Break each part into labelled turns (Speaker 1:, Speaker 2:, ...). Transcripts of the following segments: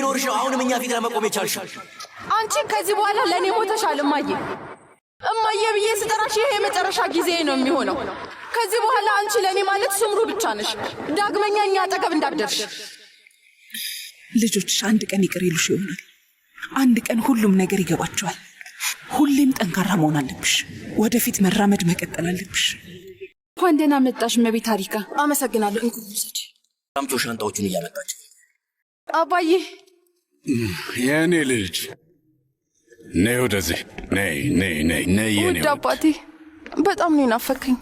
Speaker 1: ቢኖርሽ ነው አሁንም እኛ ፊት ለመቆም የቻልሽው። አንቺ ከዚህ በኋላ ለእኔ ሞተሻል እማዬ። እማዬ ብዬ ስጠራሽ ይሄ የመጨረሻ ጊዜ ነው የሚሆነው። ከዚህ በኋላ አንቺ ለእኔ ማለት ስምሩ ብቻ ነሽ። ዳግመኛ እኛ አጠገብ እንዳደርሽ። ልጆችሽ አንድ ቀን ይቅር ይሉሽ ይሆናል። አንድ ቀን ሁሉም ነገር ይገባቸዋል። ሁሌም ጠንካራ መሆን አለብሽ። ወደፊት መራመድ መቀጠል አለብሽ። እንኳን ደህና መጣሽ እመቤት ታሪካ። አመሰግናለሁ። እንኩ ሰድ ሻንጣዎቹን እያመጣቸው አባዬ የእኔ ልጅ ነይ ወደዚህ ነይ ነይ ነይ ነይ የኔ ውድ አባቴ በጣም ነው ናፈከኝ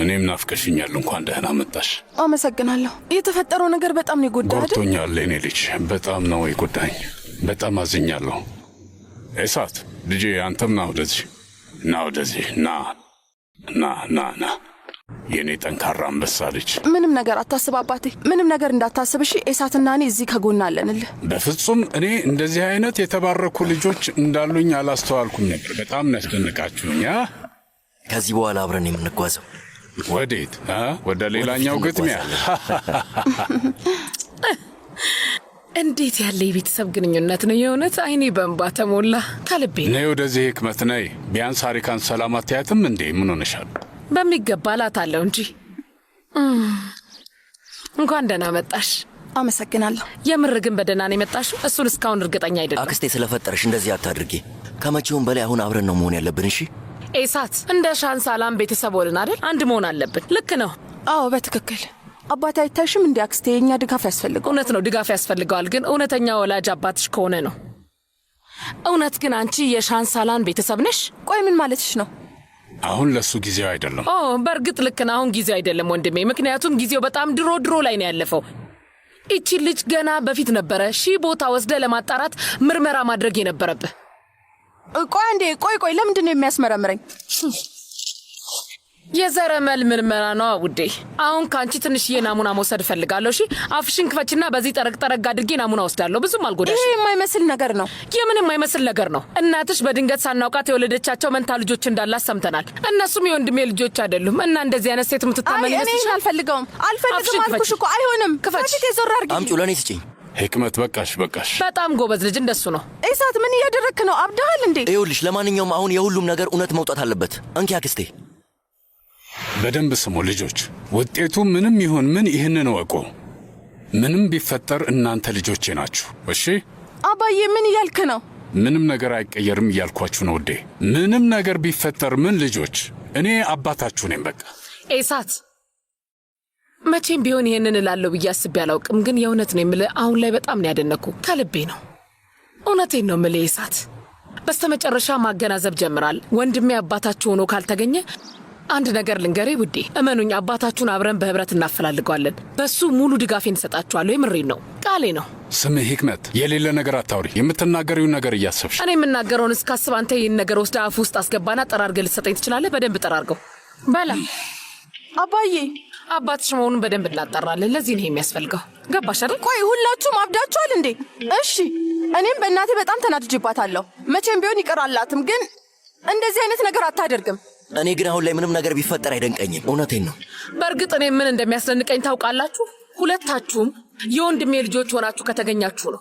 Speaker 1: እኔም ናፍቀሽኛል እንኳን ደህና መጣሽ አመሰግናለሁ የተፈጠረው ነገር በጣም ነው የጎዳ ጎድቶኛል የኔ ልጅ በጣም ነው የጎዳኝ በጣም አዝኛለሁ እሳት ልጄ አንተም ና ወደዚህ ና ወደዚህ ና ና ና ና የእኔ ጠንካራ አንበሳ ልጅ። ምንም ነገር አታስብ አባቴ፣ ምንም ነገር እንዳታስብ እሺ። ኤሳትና እኔ እዚህ ከጎን አለንልህ። በፍጹም እኔ እንደዚህ አይነት የተባረኩ ልጆች እንዳሉኝ አላስተዋልኩም ነበር። በጣም ያስደንቃችሁኝ። ከዚህ በኋላ አብረን የምንጓዘው ወዴት? ወደ ሌላኛው ግጥሚያ። እንዴት ያለ የቤተሰብ ግንኙነት ነው! የእውነት አይኔ በእንባ ተሞላ። ከልቤ ነይ፣ ወደዚህ ህክመት ነይ። ቢያንስ አሪካን ሰላም አትያትም እንዴ? ምን ሆነሻል? በሚገባ እላታለሁ እንጂ። እንኳን ደህና መጣሽ። አመሰግናለሁ። የምር ግን በደህና ነው የመጣሽ? እሱን እስካሁን እርግጠኛ አይደለም። አክስቴ ስለፈጠረሽ እንደዚህ አታድርጊ። ከመቼውም በላይ አሁን አብረን ነው መሆን ያለብን። እሺ ኤሳት፣ እንደ ሻንሳላም ቤተሰብ ሆንን አይደል? አንድ መሆን አለብን። ልክ ነው። አዎ በትክክል አባት አይታሽም? እንዲ አክስቴ፣ የእኛ ድጋፍ ያስፈልገው። እውነት ነው ድጋፍ ያስፈልገዋል። ግን እውነተኛ ወላጅ አባትሽ ከሆነ ነው። እውነት ግን አንቺ የሻንሳላን ቤተሰብ ነሽ? ቆይ ምን ማለትሽ ነው? አሁን ለሱ ጊዜው አይደለም። በእርግጥ ልክ ነህ። አሁን ጊዜው አይደለም ወንድሜ፣ ምክንያቱም ጊዜው በጣም ድሮ ድሮ ላይ ነው ያለፈው። ይቺ ልጅ ገና በፊት ነበረ ሺህ ቦታ ወስደ ለማጣራት ምርመራ ማድረግ የነበረብህ። ቆይ እንዴ፣ ቆይ ቆይ፣ ለምንድን ነው የሚያስመረምረኝ? የዘረመል ምርመራ ነው ውዴ። አሁን ከአንቺ ትንሽዬ ናሙና መውሰድ እፈልጋለሁ። እሺ አፍሽን ክፈችና በዚህ ጠረቅ ጠረግ አድርጌ ናሙና ወስዳለሁ። ብዙም አልጎዳሽ። ይሄ የማይመስል ነገር ነው። የምን የማይመስል ነገር ነው? እናትሽ በድንገት ሳናውቃት የወለደቻቸው መንታ ልጆች እንዳላት ሰምተናል። እነሱም የወንድሜ ልጆች አይደሉም እና እንደዚህ አይነት ሴት የምትታመኝ ይመስልሽ? አልፈልገውም፣ አልፈልግም አልኩሽ እኮ አይሆንም። ክፈች። የዞር አድርጊ። አምጪ ለእኔ ስጭኝ። ህክመት በቃሽ፣ በቃሽ። በጣም ጎበዝ ልጅ እንደሱ ነው። ኢሳት ምን እያደረክ ነው? አብደሃል እንዴ? ይኸውልሽ፣ ለማንኛውም አሁን የሁሉም ነገር እውነት መውጣት አለበት። እንኪ አክስቴ በደንብ ስሙ ልጆች፣ ውጤቱ ምንም ይሁን ምን ይህንን እወቁ። ምንም ቢፈጠር እናንተ ልጆቼ ናችሁ። እሺ አባዬ፣ ምን እያልክ ነው? ምንም ነገር አይቀየርም እያልኳችሁ ነው ውዴ። ምንም ነገር ቢፈጠር ምን ልጆች፣ እኔ አባታችሁ ነኝ። በቃ ኤሳት፣ መቼም ቢሆን ይህንን እላለሁ ብዬ አስቤ አላውቅም፣ ግን የእውነት ነው የምልህ። አሁን ላይ በጣም ነው ያደነኩ፣ ከልቤ ነው። እውነቴን ነው የምልህ ኤሳት። በስተመጨረሻ ማገናዘብ ጀምራል። ወንድሜ አባታችሁ ሆኖ ካልተገኘ አንድ ነገር ልንገሬ ውዴ፣ እመኑኝ፣ አባታችሁን አብረን በህብረት እናፈላልገዋለን። በሱ ሙሉ ድጋፌን እንሰጣችኋለሁ። የምሬን ነው፣ ቃሌ ነው። ስምህ ህክመት፣ የሌለ ነገር አታውሪ። የምትናገሪውን ነገር እያሰብሽ እኔ የምናገረውን እስካስብ። አንተ ይህን ነገር ወስደ አፍ ውስጥ አስገባና ጠራርገ ልትሰጠኝ ትችላለህ። በደንብ ጠራርገው በላ አባዬ አባትሽ መሆኑን በደንብ እናጠራለን። ለዚህ ነው የሚያስፈልገው። ገባሽ አይደል? ቆይ ሁላችሁም አብዳችኋል እንዴ? እሺ፣ እኔም በእናቴ በጣም ተናድጄባታለሁ። መቼም ቢሆን ይቅር አላትም፣ ግን እንደዚህ አይነት ነገር አታደርግም። እኔ ግን አሁን ላይ ምንም ነገር ቢፈጠር አይደንቀኝም። እውነቴን ነው። በእርግጥ እኔ ምን እንደሚያስደንቀኝ ታውቃላችሁ? ሁለታችሁም የወንድሜ ልጆች ሆናችሁ ከተገኛችሁ ነው።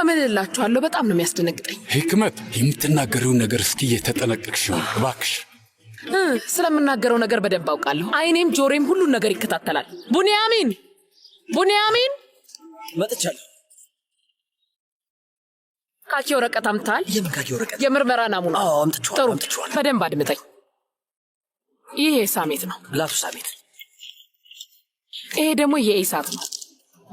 Speaker 1: እምልላችኋለሁ፣ በጣም ነው የሚያስደነግጠኝ። ህክመት የምትናገረውን ነገር እስኪ እየተጠነቀቅሽ እባክሽ። ስለምናገረው ነገር በደንብ አውቃለሁ። አይኔም ጆሬም ሁሉን ነገር ይከታተላል። ቡንያሚን፣ ቡንያሚን፣ መጥቻለሁ። ካኪ ወረቀት አምጥተሃል? የምን ካኪ ወረቀት? የምርመራ ናሙና። ጥሩ፣ በደንብ አድምጠኝ ይሄ ሳሜት ነው፣ ብላቱ ሳሜት። ይሄ ደግሞ የኢሳት ነው።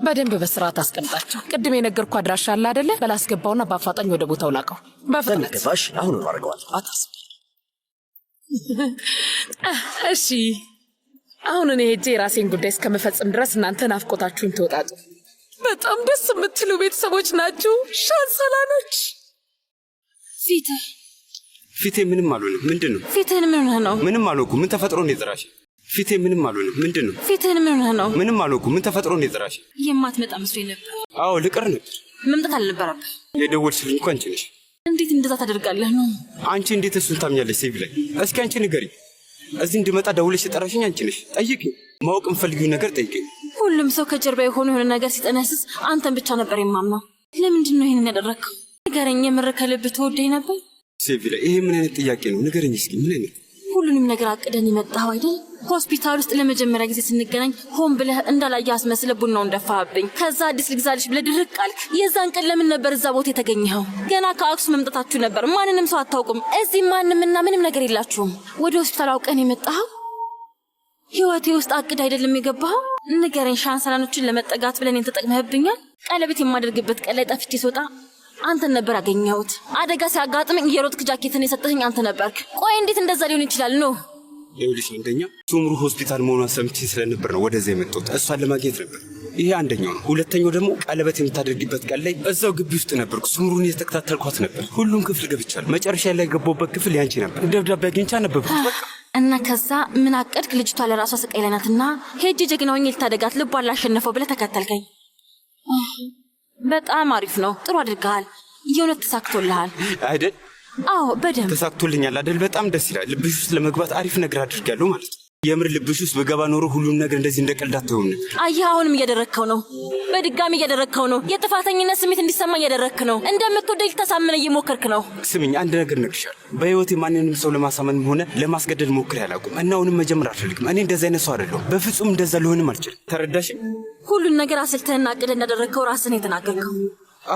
Speaker 1: በደንብ በስርዓት አስቀምጣቸው። ቅድም የነገርኩ አድራሻ አለ አደለ? በላስገባውና በአፋጣኝ ወደ ቦታው ላቀው በፍጥነት አሁን አድርገዋል። አታስብ። እሺ፣ አሁን እኔ ሄጄ የራሴን ጉዳይ እስከምፈጽም ድረስ እናንተ ናፍቆታችሁን ትወጣጡ። በጣም ደስ የምትሉ ቤተሰቦች ናችሁ ሻንሰላኖች ፊትህ ፊቴ ምንም አልሆንም። ምንድን ነው ፊትህን? ምን ሆነህ ነው? ምንም አልሆንኩም። ምን ተፈጥሮ ነው የጠራሽ? ፊቴ ምንም አልሆንም። ምንድን ነው ፊትህን? ምን ሆነህ ነው? ምንም አልሆንኩም። ምን ተፈጥሮ ነው የጠራሽ? የማትመጣ መስሎኝ ነበር። አዎ ልቀር ነበር። መምጣት አልነበረብህ። የደወልሽልኝ እኮ አንቺ ነሽ። እንዴት እንደዛ ታደርጋለህ? ነው አንቺ እንዴት እሱን ታምኛለሽ? ሴቪ ላይ እስኪ አንቺ ንገሪ። እዚህ እንድመጣ ደውለሽ የጠራሽኝ አንቺ ነሽ። ጠይቅኝ፣ ማወቅ የምፈልጊውን ነገር ጠይቅኝ። ሁሉም ሰው ከጀርባ የሆኑ የሆነ ነገር ሲጠነስስ አንተን ብቻ ነበር የማምነው። ለምንድን ነው ይህንን ያደረግከው? ንገረኝ። የምር ከልብህ ትወደኝ ነበር? ሴቪላ፣ ይሄ ምን አይነት ጥያቄ ነው? ንገረኝ እስኪ። ምን አይነት ሁሉንም ነገር አቅደን የመጣኸው አይደል? ሆስፒታል ውስጥ ለመጀመሪያ ጊዜ ስንገናኝ ሆን ብለህ እንዳላየ አስመስለ ቡናውን ደፋህብኝ። ከዛ አዲስ ልግዛልሽ ብለህ ድርቅ አልክ። የዛን ቀን ለምን ነበር እዛ ቦታ የተገኘኸው? ገና ከአክሱም መምጣታችሁ ነበር። ማንንም ሰው አታውቁም። እዚህ ማንምና ምንም ነገር የላችሁም። ወደ ሆስፒታል አውቀን የመጣኸው ህይወቴ ውስጥ አቅድ አይደለም የገባኸው። ንገረኝ፣ ሻንሰላኖችን ለመጠጋት ብለን ተጠቅመህብኛል። ቀለበት የማደርግበት ቀላይ ጠፍቼ ስወጣ አንተን ነበር ያገኘሁት። አደጋ ሲያጋጥመኝ እየሮጥክ ጃኬትን የሰጠኝ አንተ ነበርክ። ቆይ እንዴት እንደዛ ሊሆን ይችላል? ነው ይኸውልሽ፣ አንደኛ ሱምሩ ሆስፒታል መሆኗን ሰምቼ ስለነበር ነው ወደዚያ የመጣሁት። እሷን ለማግኘት ነበር። ይሄ አንደኛው ነው። ሁለተኛው ደግሞ ቀለበት የምታደርግበት ቀን ላይ እዛው ግቢ ውስጥ ነበርኩ። ሱምሩን የተከታተልኳት ነበር። ሁሉም ክፍል ገብቻለሁ። መጨረሻ ላይ የገባሁበት ክፍል ያንቺ ነበር። ደብዳቤ አግኝቼ አነበብኩት። እና ከዛ ምን አቀድክ? ልጅቷ ለራሷ ስቃይ ላይ ናትና ጀግና ልታደጋት ልቧ ላሸነፈው ብለህ ተከተልከኝ። በጣም አሪፍ ነው። ጥሩ አድርገሃል። የእውነት ተሳክቶልሃል አይደል? አዎ፣ በደንብ ተሳክቶልኛል አይደል? በጣም ደስ ይላል። ልብሽ ውስጥ ለመግባት አሪፍ ነገር አድርጊያለሁ ማለት ነው። የምር ልብሽ ውስጥ በገባ ኖሮ ሁሉም ነገር እንደዚህ እንደቀልድ አትሆን። አየህ፣ አሁንም እያደረግከው ነው፣ በድጋሚ እያደረግከው ነው። የጥፋተኝነት ስሜት እንዲሰማ እያደረግክ ነው። እንደምትወደኝ ታሳምነ እየሞከርክ ነው። ስምኝ፣ አንድ ነገር እነግርሻለሁ። በህይወቴ ማንንም ሰው ለማሳመንም ሆነ ለማስገደድ ሞክሬ አላውቅም እና አሁንም መጀመር አልፈልግም። እኔ እንደዚ አይነት ሰው አይደለሁም። በፍጹም እንደዛ ልሆንም አልችልም። ተረዳሽ? ሁሉን ነገር አስልተህና አቅደ እንዳደረግከው ራስን የተናገርከው።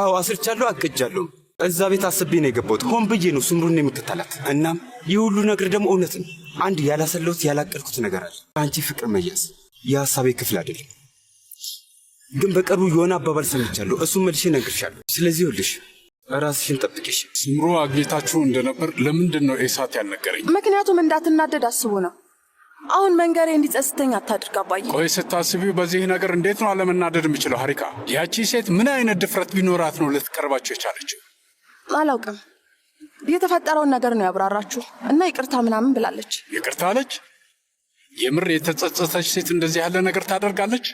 Speaker 1: አዎ፣ አስልቻለሁ፣ አቅጃለሁ። እዛ ቤት አስቤ ነው የገባሁት። ሆን ብዬ ነው ስምሩን የምትታላት እናም ይህ ሁሉ ነገር ደግሞ እውነት ነው። አንድ ያላሰለሁት ያላቀልኩት ነገር አለ። አንቺ ፍቅር መያዝ የሀሳቤ ክፍል አይደለም፣ ግን በቅርቡ የሆነ አባባል ሰምቻለሁ። እሱም መልሼ እነግርሻለሁ። ስለዚህ ይኸውልሽ ራስሽን ጠብቂሽ። ኑሮ አግኝታችሁ እንደነበር ለምንድን ነው ኤሳት ያልነገረኝ? ምክንያቱም እንዳትናደድ አስቦ ነው። አሁን መንገሬ እንዲጸጽተኝ አታድርግ አባዬ። ቆይ ስታስቢው በዚህ ነገር እንዴት ነው አለመናደድ የምችለው? ሀሪካ፣ ያቺ ሴት ምን አይነት ድፍረት ቢኖራት ነው ልትቀርባቸው የቻለችው? አላውቅም የተፈጠረውን ነገር ነው ያብራራችሁ እና ይቅርታ ምናምን ብላለች። ይቅርታ አለች? የምር የተጸጸተች ሴት እንደዚህ ያለ ነገር ታደርጋለች?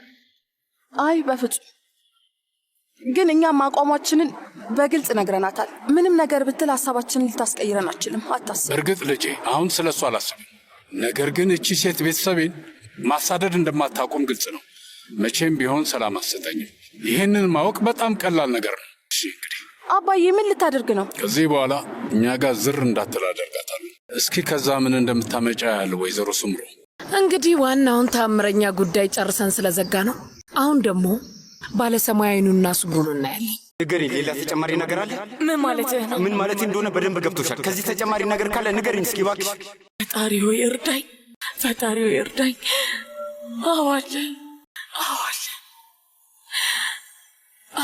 Speaker 1: አይ በፍጹም። ግን እኛም አቋማችንን በግልጽ ነግረናታል። ምንም ነገር ብትል ሀሳባችንን ልታስቀይረን አችልም፣ አታስብ። እርግጥ ልጄ፣ አሁን ስለ እሱ አላስብም። ነገር ግን እቺ ሴት ቤተሰቤን ማሳደድ እንደማታቆም ግልጽ ነው። መቼም ቢሆን ሰላም አሰጠኝም። ይህንን ማወቅ በጣም ቀላል ነገር ነው። እሺ እንግዲህ አባዬ ምን ልታደርግ ነው? ከዚህ በኋላ እኛ ጋር ዝር እንዳትል አደርጋታለሁ። እስኪ ከዛ ምን እንደምታመጫ ያለ ወይዘሮ ስምሮ። እንግዲህ ዋናውን ተአምረኛ ጉዳይ ጨርሰን ስለዘጋ ነው። አሁን ደግሞ ባለሰማያዊኑና ስምሩን እናያለን። ንገሪኝ፣ ሌላ ተጨማሪ ነገር አለ? ምን ማለት ነው? ምን ማለት እንደሆነ በደንብ ገብቶሻል። ከዚህ ተጨማሪ ነገር ካለ ንገሪኝ እስኪ እባክሽ። ፈጣሪ ሆይ እርዳኝ፣ ፈጣሪ ሆይ እርዳኝ። አዋለ አዋለ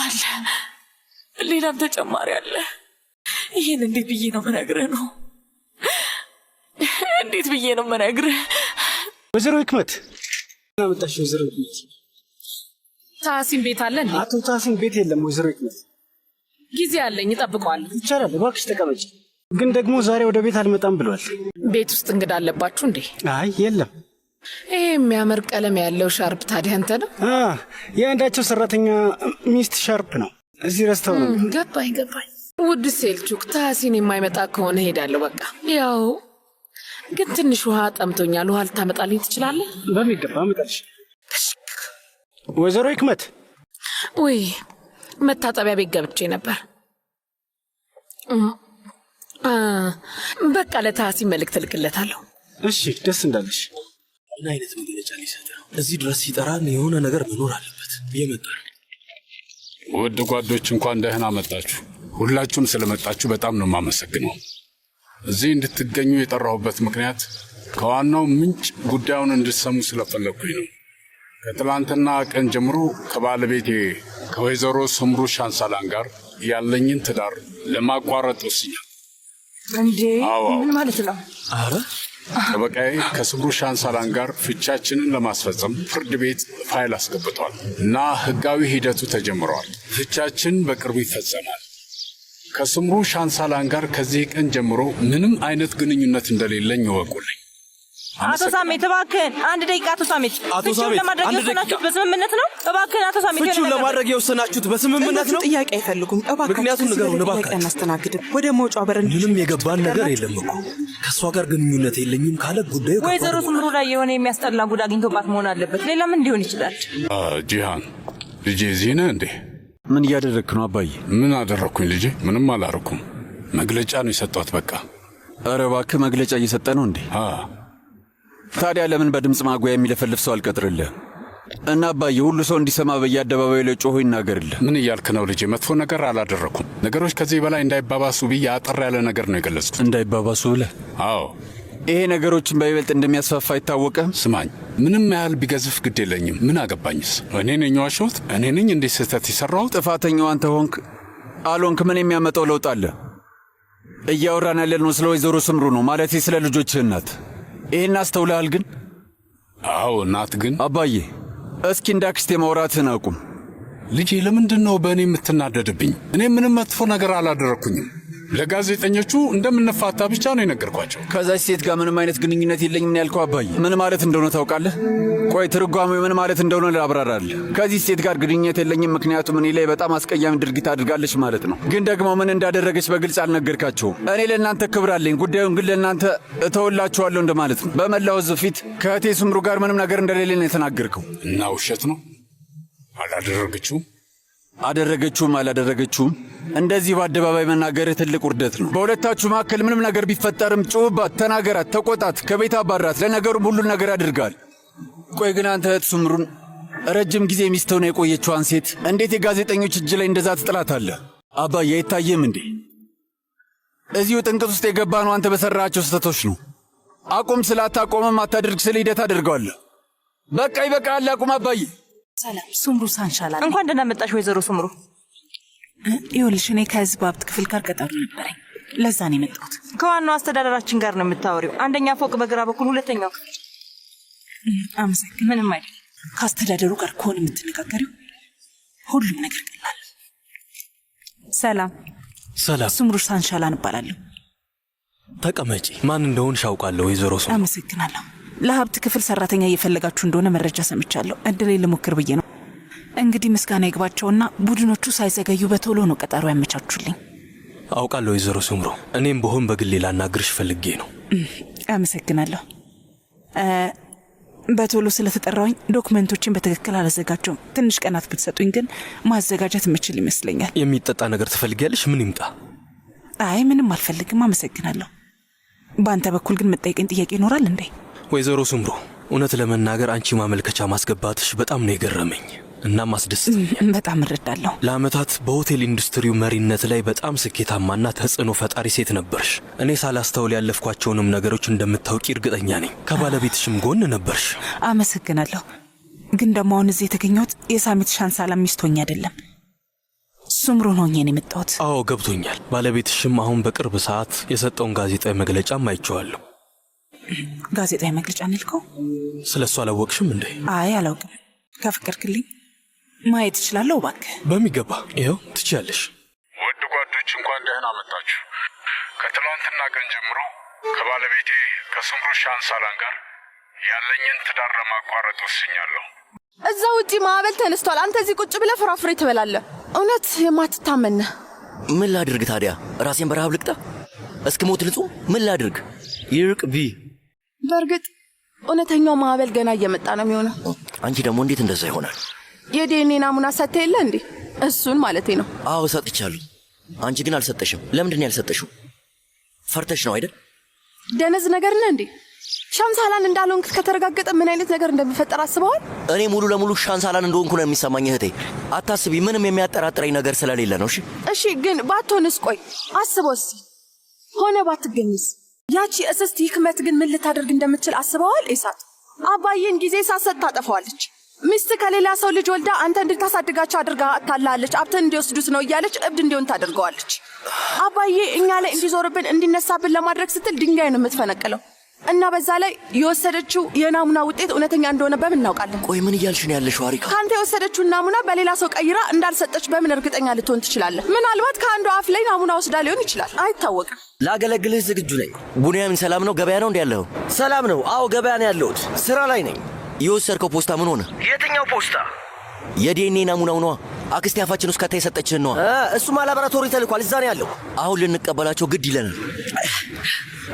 Speaker 1: አለ ሌላም ተጨማሪ አለ። ይህን እንዴት ብዬ ነው መነግርህ ነው እንዴት ብዬ ነው መነግርህ? ወይዘሮ ህክመት ናመጣሽ? ወይዘሮ ህክመት ቤት አለ እንዴ? አቶ ታሲን ቤት የለም። ወይዘሮ ህክመት ጊዜ አለኝ ይጠብቀዋል። ይቻላል፣ እባክሽ ተቀመጭ። ግን ደግሞ ዛሬ ወደ ቤት አልመጣም ብሏል። ቤት ውስጥ እንግዳ አለባችሁ እንዴ? አይ የለም። ይሄ የሚያምር ቀለም ያለው ሻርፕ ታዲያ አንተ ነው? የአንዳቸው ሰራተኛ ሚስት ሻርፕ ነው። እዚህ ረስተው ነው። ገባኝ ገባኝ። ውድ ሴልቹክ ታሲን የማይመጣ ከሆነ ሄዳለሁ። በቃ ያው ግን ትንሽ ውሃ ጠምቶኛል። ውሃ ልታመጣልኝ ትችላለህ? በሚገባ አመጣልሽ። ወይዘሮ ይክመት፣ ውይ መታጠቢያ ቤት ገብቼ ነበር። በቃ ለታሲን መልእክት እልክለታለሁ። እሺ፣ ደስ እንዳለሽ። ምን አይነት መግለጫ ሊሰጥ ነው? እዚህ ድረስ ሲጠራን የሆነ ነገር መኖር አለበት። የመጣ ነው ውድ ጓዶች እንኳን ደህና መጣችሁ። ሁላችሁም ስለመጣችሁ በጣም ነው የማመሰግነው። እዚህ እንድትገኙ የጠራሁበት ምክንያት ከዋናው ምንጭ ጉዳዩን እንድትሰሙ ስለፈለግኩኝ ነው። ከትላንትና ቀን ጀምሮ ከባለቤቴ ከወይዘሮ ስምሩ ሻንሳላን ጋር ያለኝን ትዳር ለማቋረጥ ወስኛል። እንዴ! ምን ማለት ነው? ጠበቃዬ ከስምሩ ሻንሳላን ጋር ፍቻችንን ለማስፈጸም ፍርድ ቤት ፋይል አስገብቷል እና ህጋዊ ሂደቱ ተጀምረዋል። ፍቻችን በቅርቡ ይፈጸማል። ከስምሩ ሻንሳላን ጋር ከዚህ ቀን ጀምሮ ምንም አይነት ግንኙነት እንደሌለኝ ይወቁልኝ። አቶ ሳሜት እባክህን አንድ ደቂቃ። አቶ ሳሜት ፍቺውን ለማድረግ የወሰናችሁት በስምምነት ነው? እባክህን አቶ ሳሜት ፍቺውን ለማድረግ የወሰናችሁት በስምምነት ነው? ጥያቄ አይፈልጉም። ምክንያቱም ንገሩን እባክህ። እናስተናግድም ወደ መውጫ በረንዳ። ምንም የገባን ነገር የለም እኮ ከእሷ ጋር ግንኙነት የለኝም ካለ ጉዳዩ ወይዘሮ ስምሩ ላይ የሆነ የሚያስጠላ ጉድ አግኝቶባት መሆን አለበት። ሌላ ምን ሊሆን ይችላል? ጂሃን ልጄ እዚህ ነህ እንዴ? ምን እያደረግክ ነው አባዬ? ምን አደረግኩኝ ልጄ? ምንም አላረኩም። መግለጫ ነው የሰጠሁት በቃ። ኧረ እባክህ መግለጫ እየሰጠ ነው እንዴ? ታዲያ ለምን በድምፅ ማጉያ የሚለፈልፍ ሰው አልቀጥርልህ? እና አባዬ ሁሉ ሰው እንዲሰማ በየአደባባዩ ላይ ጮሆ ይናገርልህ። ምን እያልክ ነው ልጄ? መጥፎ ነገር አላደረኩም። ነገሮች ከዚህ በላይ እንዳይባባሱ ብዬ አጠር ያለ ነገር ነው የገለጽኩት። እንዳይባባሱ ብለህ? አዎ። ይሄ ነገሮችን በይበልጥ እንደሚያስፋፋ ይታወቀ። ስማኝ፣ ምንም ያህል ቢገዝፍ ግድ የለኝም። ምን አገባኝስ? እኔ ነኝ ዋሸሁት? እኔ ነኝ እንዴት ስህተት የሠራሁት? ጥፋተኛው አንተ ሆንክ አልሆንክ ምን የሚያመጣው ለውጥ አለ? እያወራን ያለነው ስለ ወይዘሮ ስምሩ ነው ማለት ስለ ልጆችህ እናት ይህን አስተውለሃል ግን? አዎ እናት ግን አባዬ፣ እስኪ እንደ አክስቴ ማውራትህን አቁም። ልጄ፣ ለምንድን ነው በእኔ የምትናደድብኝ? እኔ ምንም መጥፎ ነገር አላደረግኩኝም። ለጋዜጠኞቹ እንደምንፋታ ብቻ ነው የነገርኳቸው። ከዛች ሴት ጋር ምንም አይነት ግንኙነት የለኝም ነው ያልከው? አባዬ ምን ማለት እንደሆነ ታውቃለህ? ቆይ ትርጓሜው ምን ማለት እንደሆነ ላብራራልህ። ከዚህ ሴት ጋር ግንኙነት የለኝም ምክንያቱም እኔ ላይ በጣም አስቀያሚ ድርጊት አድርጋለች ማለት ነው። ግን ደግሞ ምን እንዳደረገች በግልጽ አልነገርካቸውም። እኔ ለእናንተ ክብር አለኝ፣ ጉዳዩን ግን ለእናንተ እተወላችኋለሁ እንደማለት ነው። በመላው ሕዝብ ፊት ከእቴ ስምሩ ጋር ምንም ነገር እንደሌለ ነው የተናገርከው እና ውሸት ነው አላደረገችውም አደረገችውም አላደረገችውም እንደዚህ በአደባባይ መናገር ትልቅ ውርደት ነው። በሁለታችሁ መካከል ምንም ነገር ቢፈጠርም ጩሁባት፣ ተናገራት፣ ተቆጣት፣ ከቤት አባራት፣ ለነገሩም ሁሉን ነገር አድርጋል። ቆይ ግን አንተ እህት ሱምሩን ረጅም ጊዜ ሚስት ነው የቆየችዋን ሴት እንዴት የጋዜጠኞች እጅ ላይ እንደዛ ትጥላታለህ? አባዬ አይታየም እንዴ? እዚሁ ጥንቅት ውስጥ የገባ ነው አንተ በሠራሃቸው ስህተቶች ነው። አቁም ስላታቆመም አታድርግ ስል ሂደት አድርገዋለሁ። በቃ ይበቃ፣ አቁም አባዬ ሰላም ሱምሩ ሳንሻላ፣ እንኳን ደህና መጣሽ ወይዘሮ ሱምሩ። ይኸውልሽ እኔ ከህዝብ ሀብት ክፍል ጋር ቀጠሮ ነበረኝ፣ ለዛ ነው የመጣሁት። ከዋናው አስተዳደራችን ጋር ነው የምታወሪው። አንደኛ ፎቅ በግራ በኩል ሁለተኛው ክፍል። አመሰግን። ምንም አይደል። ከአስተዳደሩ ጋር ከሆነ የምትነጋገሪው ሁሉም ነገር ቀላል። ሰላም ሰላም። ሱምሩ ሳንሻላ እባላለሁ። ተቀመጪ። ማን እንደሆንሽ አውቃለሁ ወይዘሮ ሱ። አመሰግናለሁ። ለሀብት ክፍል ሰራተኛ እየፈለጋችሁ እንደሆነ መረጃ ሰምቻለሁ። እድሌ ልሞክር ብዬ ነው። እንግዲህ ምስጋና ይግባቸውና ቡድኖቹ ሳይዘገዩ በቶሎ ነው ቀጠሮ ያመቻቹልኝ። አውቃለሁ ወይዘሮ ስምሮ፣ እኔም በሆን በግሌ ላናግርሽ ፈልጌ ነው። አመሰግናለሁ። በቶሎ ስለተጠራውኝ ዶክመንቶችን በትክክል አላዘጋጀውም። ትንሽ ቀናት ብትሰጡኝ ግን ማዘጋጀት የምችል ይመስለኛል። የሚጠጣ ነገር ትፈልጊያለሽ? ምን ይምጣ? አይ ምንም አልፈልግም፣ አመሰግናለሁ። በአንተ በኩል ግን መጠየቅን ጥያቄ ይኖራል እንዴ? ወይዘሮ ስምሩ እውነት ለመናገር አንቺ ማመልከቻ ማስገባትሽ በጣም ነው የገረመኝ። እናም አስደስተኛል። በጣም እረዳለሁ። ለአመታት በሆቴል ኢንዱስትሪው መሪነት ላይ በጣም ስኬታማና ተጽዕኖ ፈጣሪ ሴት ነበርሽ። እኔ ሳላስተውል ያለፍኳቸውንም ነገሮች እንደምታውቂ እርግጠኛ ነኝ። ከባለቤትሽም ጎን ነበርሽ። አመሰግናለሁ። ግን ደግሞ አሁን እዚህ የተገኘሁት የሳሚት ሻንሳላ ሚስት አይደለም ስምሩ ነው እኛን የመጣሁት። አዎ ገብቶኛል። ባለቤትሽም አሁን በቅርብ ሰዓት የሰጠውን ጋዜጣዊ መግለጫም አይቼዋለሁ። ጋዜጣዊ መግለጫ እንልከው። ስለ እሱ አላወቅሽም እንዴ? አይ አላውቅም። ከፈቀድክልኝ ማየት እችላለሁ? እባክህ። በሚገባ ይኸው ትችያለሽ። ውድ ጓዶች እንኳን ደህና መጣችሁ። ከትናንትና ቀን ጀምሮ ከባለቤቴ ከስምሩ ሻንሳላን ጋር ያለኝን ትዳር ለማቋረጥ ወስኛለሁ። እዛ ውጪ ማዕበል ተነስቷል። አንተ እዚህ ቁጭ ብለህ ፍራፍሬ ትበላለህ። እውነት የማትታመን ምን ላድርግ ታዲያ? ራሴን በረሃብ እስኪ ሞት ልጹ? ምን ላድርግ? ይርቅ ቢ በእርግጥ እውነተኛው ማዕበል ገና እየመጣ ነው የሚሆነው። አንቺ ደግሞ እንዴት እንደዛ ይሆናል? የዲኤንኤ ናሙና ሰጥተህ የለ እንዴ? እሱን ማለቴ ነው። አዎ ሰጥቻሉ። አንቺ ግን አልሰጠሽም። ለምንድን ያልሰጠሽው? ፈርተሽ ነው አይደል? ደነዝ ነገር ነ እንዴ? ሻንሳላን እንዳልሆንክ ከተረጋገጠ ምን አይነት ነገር እንደሚፈጠር አስበዋል? እኔ ሙሉ ለሙሉ ሻንሳላን እንደሆንኩ ነው የሚሰማኝ እህቴ። አታስቢ፣ ምንም የሚያጠራጥረኝ ነገር ስለሌለ ነው። እሺ፣ እሺ። ግን ባትሆንስ? ቆይ አስቦስ ሆነ ባትገኝስ? ያቺ እስስት ህክመት ግን ምን ልታደርግ እንደምትችል አስበዋል? ኢሳት አባዬን ጊዜ ሳትሰጥ ታጠፋዋለች። ሚስት ከሌላ ሰው ልጅ ወልዳ አንተ እንድታሳድጋቸው አድርጋ ታላለች። አብተን እንዲወስዱት ነው እያለች እብድ እንዲሆን ታደርገዋለች። አባዬ እኛ ላይ እንዲዞርብን እንዲነሳብን ለማድረግ ስትል ድንጋይ ነው የምትፈነቅለው። እና በዛ ላይ የወሰደችው የናሙና ውጤት እውነተኛ እንደሆነ በምን እናውቃለን? ቆይ ምን እያልሽ ነው ያለሽው? አሪካ ከአንተ የወሰደችው ናሙና በሌላ ሰው ቀይራ እንዳልሰጠች በምን እርግጠኛ ልትሆን ትችላለህ? ምናልባት ከአንዱ አፍ ላይ ናሙና ወስዳ ሊሆን ይችላል፣ አይታወቅም። ላገለግልህ ዝግጁ ነኝ። ቡንያሚን ሰላም ነው? ገበያ ነው እንዲ ያለው? ሰላም ነው። አዎ ገበያ ነው ያለሁት፣ ስራ ላይ ነኝ። የወሰድከው ፖስታ ምን ሆነ? የትኛው ፖስታ? የዲኤንኤ ናሙናው ነዋ። አክስቴ አፋችን ውስጥ ከታ የሰጠችን ነዋ። እሱማ ላቦራቶሪ ተልኳል፣ እዛ ነው ያለው። አሁን ልንቀበላቸው ግድ ይለናል።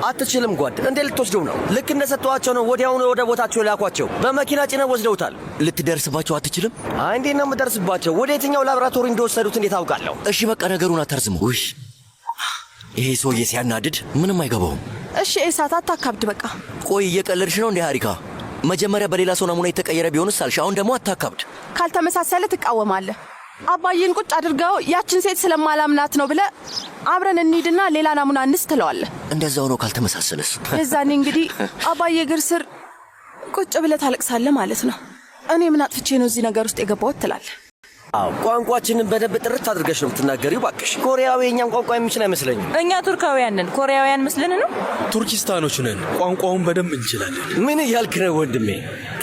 Speaker 1: አትችልም ጓድ፣ እንዴ ልትወስደው ነው? ልክ እንደሰጠኋቸው ነው ወዲያውኑ ወደ ቦታቸው ላኳቸው። በመኪና ጭነው ወስደውታል። ልትደርስባቸው አትችልም? አይ እንዴት ነው የምደርስባቸው? ወደ የትኛው ላቦራቶሪ እንደወሰዱት እንዴት አውቃለሁ? እሺ በቃ ነገሩን አታርዝመው። ውይ ይሄ ሰውዬ ሲያናድድ ምንም አይገባውም። እሺ እሳት አታካብድ። በቃ ቆይ እየቀለድሽ ነው እንዴ ሀሪካ? መጀመሪያ በሌላ ሰው ናሙና የተቀየረ ቢሆን አልሽ። አሁን ደግሞ አታካብድ። ካልተመሳሰለ ትቃወማለህ። አባዬን ቁጭ አድርገው ያችን ሴት ስለማላምናት ነው ብለ አብረን እንሂድና ሌላ ናሙና እንስ ትለዋለህ። እንደዛ ነው ካልተመሳሰለስ? የዛኔ እንግዲህ አባዬ እግር ስር ቁጭ ብለ ታለቅሳለህ ማለት ነው። እኔ ምን አጥፍቼ ነው እዚህ ነገር ውስጥ የገባሁት ትላለህ። አዎ ቋንቋችንን በደንብ ጥርት አድርገሽ ነው የምትናገሪው። እባክሽ ኮሪያዊ የእኛም ቋንቋ የሚችል አይመስለኝም። እኛ ቱርካውያን ነን፣ ኮሪያውያን ምስልን ነው። ቱርኪስታኖች ነን፣ ቋንቋውን በደንብ እንችላለን። ምን እያልክ ነው ወንድሜ?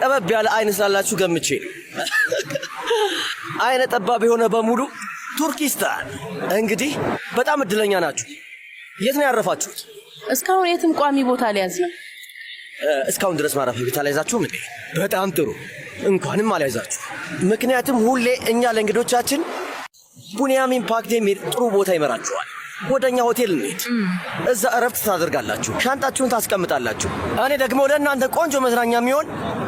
Speaker 1: ጠበብ ያለ አይን ስላላችሁ ገምቼ አይነ ጠባብ የሆነ በሙሉ ቱርኪስታን። እንግዲህ በጣም እድለኛ ናችሁ። የት ነው ያረፋችሁት? እስካሁን የትም ቋሚ ቦታ ሊያዝ ነው እስካሁን ድረስ ማረፊያ ቤት አልያዛችሁም እንዴ? በጣም ጥሩ እንኳንም አልያዛችሁ። ምክንያቱም ሁሌ እኛ ለእንግዶቻችን ቡኒያም ኢምፓክት የሚል ጥሩ ቦታ ይመራችኋል። ወደ እኛ ሆቴል እንሄድ፣ እዛ እረፍት ታደርጋላችሁ፣ ሻንጣችሁን ታስቀምጣላችሁ። እኔ ደግሞ ለእናንተ ቆንጆ መዝናኛ የሚሆን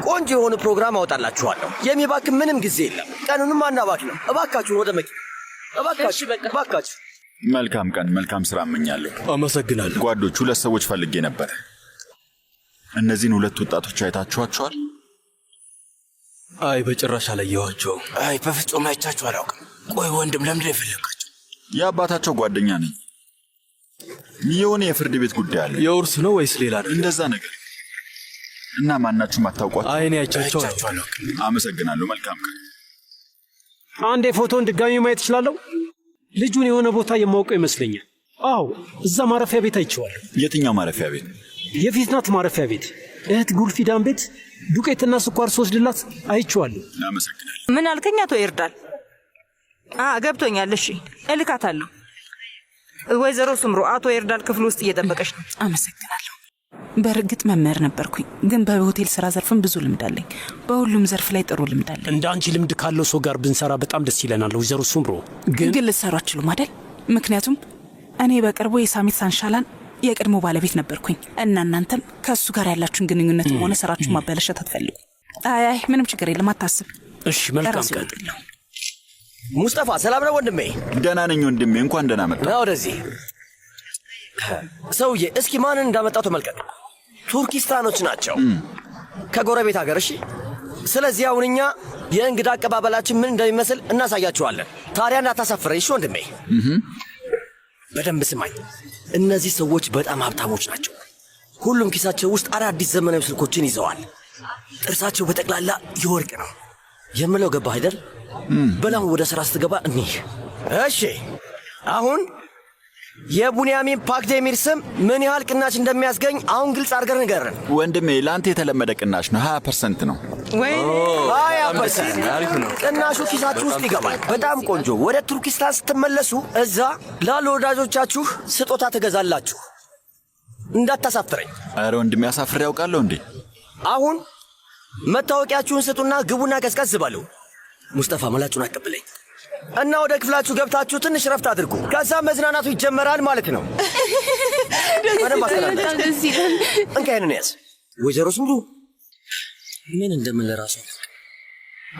Speaker 1: ቆንጆ የሆኑ ፕሮግራም አወጣላችኋለሁ። የሚባክ ምንም ጊዜ የለም፣ ቀኑንም አናባክ ነው። እባካችሁን ወደ መኪና እባካችሁ፣ እባካችሁ። መልካም ቀን፣ መልካም ስራ እመኛለሁ። አመሰግናለሁ ጓዶች። ሁለት ሰዎች ፈልጌ ነበር። እነዚህን ሁለት ወጣቶች አይታችኋቸዋል? አይ በጭራሽ አላየኋቸው። አይ በፍጹም አይቻቸው አላውቅም። ቆይ ወንድም ለምንድን ነው የፈለጋቸው? የአባታቸው ጓደኛ ነኝ። የሆነ የፍርድ ቤት ጉዳይ አለ። የውርስ ነው ወይስ ሌላ ነው? እንደዛ ነገር እና ማናችሁም አታውቋት? አይ እኔ አይቻቸው አላውቅም። አመሰግናለሁ። መልካም ቀን። አንድ የፎቶን ድጋሚ ማየት እችላለሁ? ልጁን የሆነ ቦታ የማውቀው ይመስለኛል። አዎ እዛ ማረፊያ ቤት አይቼዋለሁ። የትኛው ማረፊያ ቤት? የፊትናት ማረፊያ ቤት እህት ጉልፊዳን ቤት ዱቄትና ስኳር ሶስት ድላት አይቼዋለሁ። ምን አልከኝ አቶ ይርዳል? ገብቶኛል። እሺ እልካታለሁ። ወይዘሮ ስምሮ አቶ ይርዳል ክፍል ውስጥ እየጠበቀች ነው። አመሰግናለሁ። በእርግጥ መምህር ነበርኩኝ፣ ግን በሆቴል ስራ ዘርፍም ብዙ ልምድ አለኝ። በሁሉም ዘርፍ ላይ ጥሩ ልምድ አለኝ። እንደ አንቺ ልምድ ካለው ሰው ጋር ብንሰራ በጣም ደስ ይለናል ወይዘሮ ስምሮ። ግን ግን ልትሰሩ ምክንያቱም እኔ በቅርቡ የሳሚት ሳንሻላን የቀድሞ ባለቤት ነበርኩኝ እና እናንተም ከእሱ ጋር ያላችሁን ግንኙነት ሆነ ስራችሁን ማበላሸት አትፈልጉ። አይ ምንም ችግር የለም አታስብ። እሺ መልካም ቀን። ሙስጠፋ ሰላም ነው ወንድሜ? ደህና ነኝ ወንድሜ፣ እንኳን ደህና መጣ። ወደዚህ ሰውዬ እስኪ ማንን እንዳመጣው ተመልከት። ቱርኪስታኖች ናቸው ከጎረቤት ሀገር። እሺ ስለዚህ አሁን እኛ የእንግዳ አቀባበላችን ምን እንደሚመስል እናሳያችኋለን። ታዲያ እንዳታሳፍረኝ እሺ ወንድሜ በደንብ ስማኝ። እነዚህ ሰዎች በጣም ሀብታሞች ናቸው። ሁሉም ኪሳቸው ውስጥ አዳዲስ ዘመናዊ ስልኮችን ይዘዋል። ጥርሳቸው በጠቅላላ የወርቅ ነው። የምለው ገባ አይደል? በላሁ ወደ ስራ ስትገባ እኒህ። እሺ አሁን የቡንያሚን ፓክዴሚር ስም ምን ያህል ቅናሽ እንደሚያስገኝ አሁን ግልጽ አድርገህ ንገረን ወንድሜ። ለአንተ የተለመደ ቅናሽ ነው፣ 20 ፐርሰንት ነው። ቅናሹ ኪሳችሁ ውስጥ ይገባል። በጣም ቆንጆ። ወደ ቱርኪስታን ስትመለሱ እዛ ላሉ ወዳጆቻችሁ ስጦታ ትገዛላችሁ። እንዳታሳፍረኝ። አረ ወንድሜ አሳፍሬ ያውቃለሁ እንዴ? አሁን መታወቂያችሁን ስጡና ግቡና ቀዝቀዝ በሉ። ሙስጠፋ መላጩን አቀብለኝ። እና ወደ ክፍላችሁ ገብታችሁ ትንሽ ረፍት አድርጉ። ከዛ መዝናናቱ ይጀመራል ማለት ነው። እንካ ይህንን ያዝ። ወይዘሮ ስምሉ ምን እንደምን ራሱ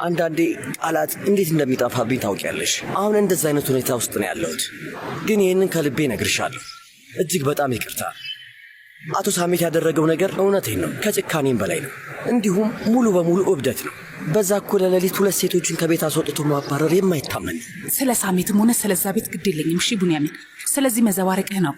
Speaker 1: አንዳንዴ ቃላት እንዴት እንደሚጠፋብኝ ታውቂያለሽ። አሁን እንደዚህ አይነት ሁኔታ ውስጥ ነው ያለሁት፣ ግን ይህንን ከልቤ ነግርሻለሁ። እጅግ በጣም ይቅርታል። አቶ ሳሜት ያደረገው ነገር እውነቴን ነው፣ ከጭካኔም በላይ ነው። እንዲሁም ሙሉ በሙሉ እብደት ነው። በዛ እኮ ለሌሊት ሁለት ሴቶችን ከቤት አስወጥቶ ማባረር የማይታመን። ስለ ሳሜትም ሆነ ስለዛ ቤት ግድ የለኝም። እሺ ቡንያሚን፣ ስለዚህ መዘባረቅህ ነው።